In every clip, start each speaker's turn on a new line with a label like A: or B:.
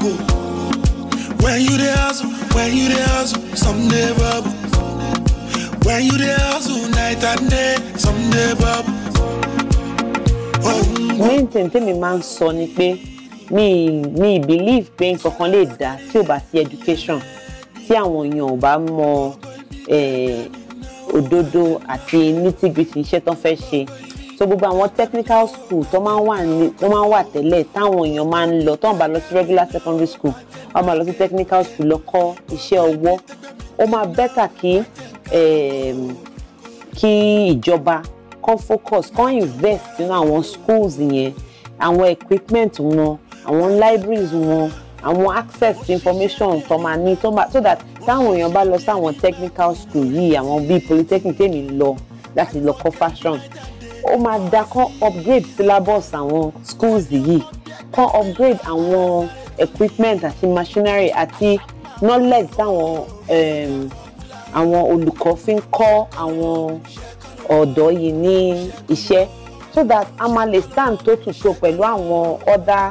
A: go. When you there, hustle, when you the hustle, someday bubble. When you there, hustle, night and day, someday bubble. Wọ́n oh. ń tẹ̀ tẹ́mi máa ń sọ ni pé mi mi believe pé nǹkankan lè dá tí ò bá sí education tí àwọn èèyàn ò bá mọ eh, òdodo àti nitty-gritty iṣẹ́ tán fẹ́ ṣe so gbogbo àwọn technical school tó máa ń wà ní tó máa ń wà tẹ́lẹ̀ táwọn èèyàn máa ń lọ tó ń bá lọ sí regular secondary school wọ́n máa lọ sí technical school lọ kọ́ iṣẹ́ ọwọ́ ó máa bẹ́tà kí ehm, kí ìjọba kan focus kan invest nínú àwọn schools yẹn àwọn equipment wọn àwọn libraries wọn àwọn access to information tó máa ní so that táwọn èèyàn bá lọ sáwọn technical school yìí àwọn bíi polytechnic tèmi lọ láti lọ kọ́ fashion ó máa da kán upgrade syllabus àwọn schools yìí kán upgrade àwọn equipment àti machinery àti knowledge táwọn um, àwọn olùkọ́ fi ń kọ́ àwọn ọ̀dọ́ yìí ní iṣẹ́ so that a máa lè stand tó tùtù pẹ̀lú àwọn other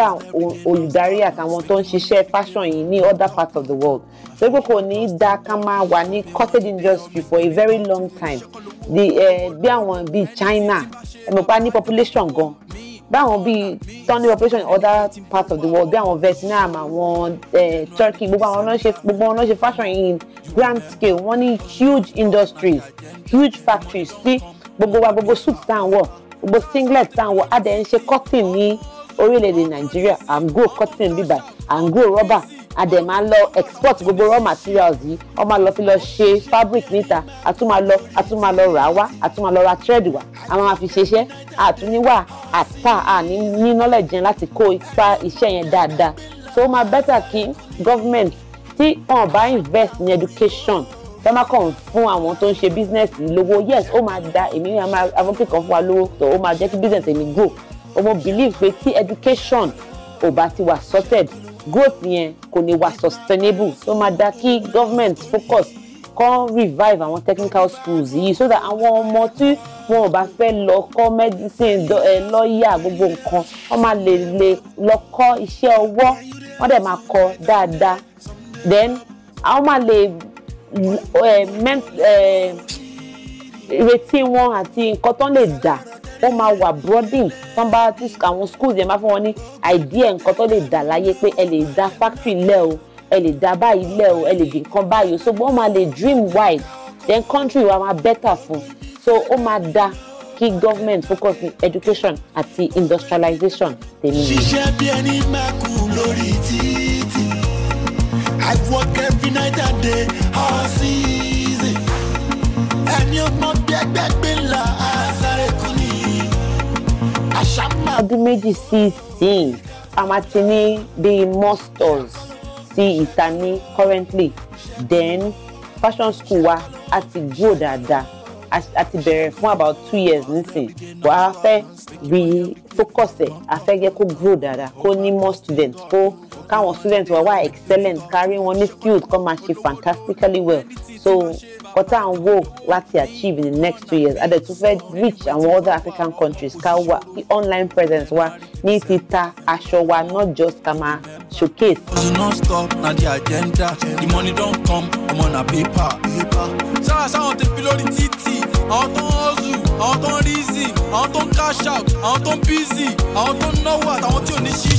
A: àwọn olùdarí àtàwọn tó ń ṣiṣẹ́ fashion yìí ní other part of the world so pé kò ní í da ká máa wà ní cottage industry for a very long time Eh, bí àwọn bíi China ẹ̀mọ̀pá ní population gan báwọn bíi tán ní population in other parts of the world bí àwọn Vietnam àwọn eh, Turkey gbogbo àwọn ọlọ́ṣe gbogbo àwọn ọlọ́ṣe fashion in grand scale wọ́n ní huge industries huge factories sí gbogbo wa gbogbo suit tá à ń wọ̀ gbogbo singlet tá à ń wọ̀ adẹ̀ ń ṣe cotton ní orílẹ̀-èdè Nàìjíríà à ń grow cotton bíbà à grow rubber a dẹ̀ máa lọ export gbogbo raw materials yìí wọ́n máa lọ fi lọ ṣe fabric níta a tún máa lọ a tún máa lọ rà á wá a tún máa lọ ra thread wá a máa fi ṣeṣẹ́ a tún àtà a ní ní knowledge láti kó ipa iṣẹ́ yẹn dáadáa so ó máa better kí government tí wọn bá invest in education tẹ́ máa kàn fún àwọn tó ń ṣe business lówó yes ó máa da èmi ní àwọn advocate kan fún wa lówó tó ó máa jẹ́ kí business èmi grow ó mo believe pé tí education ò bá ti wà sorted growth yẹn kò ní wà sustainable so máa dá kí government focus kan revive àwọn technical schools yìí so that àwọn ọmọ tí wọn ò bá fẹ́ lọ kọ́ medicine eh, lọ́ọ̀yà gbogbo nǹkan wọ́n máa lè lè lọ kọ́ iṣẹ́ ọwọ́ wọ́n dẹ̀ máa kọ́ dáadáa then àwọn máa lè eh, eh, retí wọn àti nǹkan tó lè dà ó máa wà broadening tán bá tí àwọn schools yẹn máa fún wọn ní idea nǹkan tó lè dà láyé pé ẹ lè dá factory lẹ̀ o ẹ lè dá báyìí lẹ̀ o ẹ lè dì nǹkan báyìí so wọ́n máa lè dream wide then country wa máa better fún so ó máa da kí government focus ní education àti industrialization tèmi. ṣiṣẹ́ bí ẹni máa kú lórí títì I work every night and day all season ẹni ọmọ bí ẹgbẹ́ gbé ńlá ọdún méjì sí ìsìn a máa ti ní bíi musters sí ìta ní currently then fashion school wa a ti grow dáadáa a ti bẹ̀rẹ̀ fún about two years nísìn wà á fẹ́ rí focus ẹ̀ a fẹ́ kó grow dáadáa kó ní more students kó káwọn students wà wá excellent kárí wọn ní skills kó máa ṣe fantastically well so kọta and work achieve in the next two years adẹ tún fẹ́ reach àwọn other African countries ká wà kí online presence wa ní títa aṣọ wa not just ká máa showcase. as you no stop na the agenda the money don come ọmọ na paper. sáà sáwọn tẹ̀pí lórí títì àwọn tó ń hustle àwọn tó ń rizzi àwọn tó ń cash out àwọn tó ń busy àwọn tó ń náwó àtàwọn tí ò ní ṣí.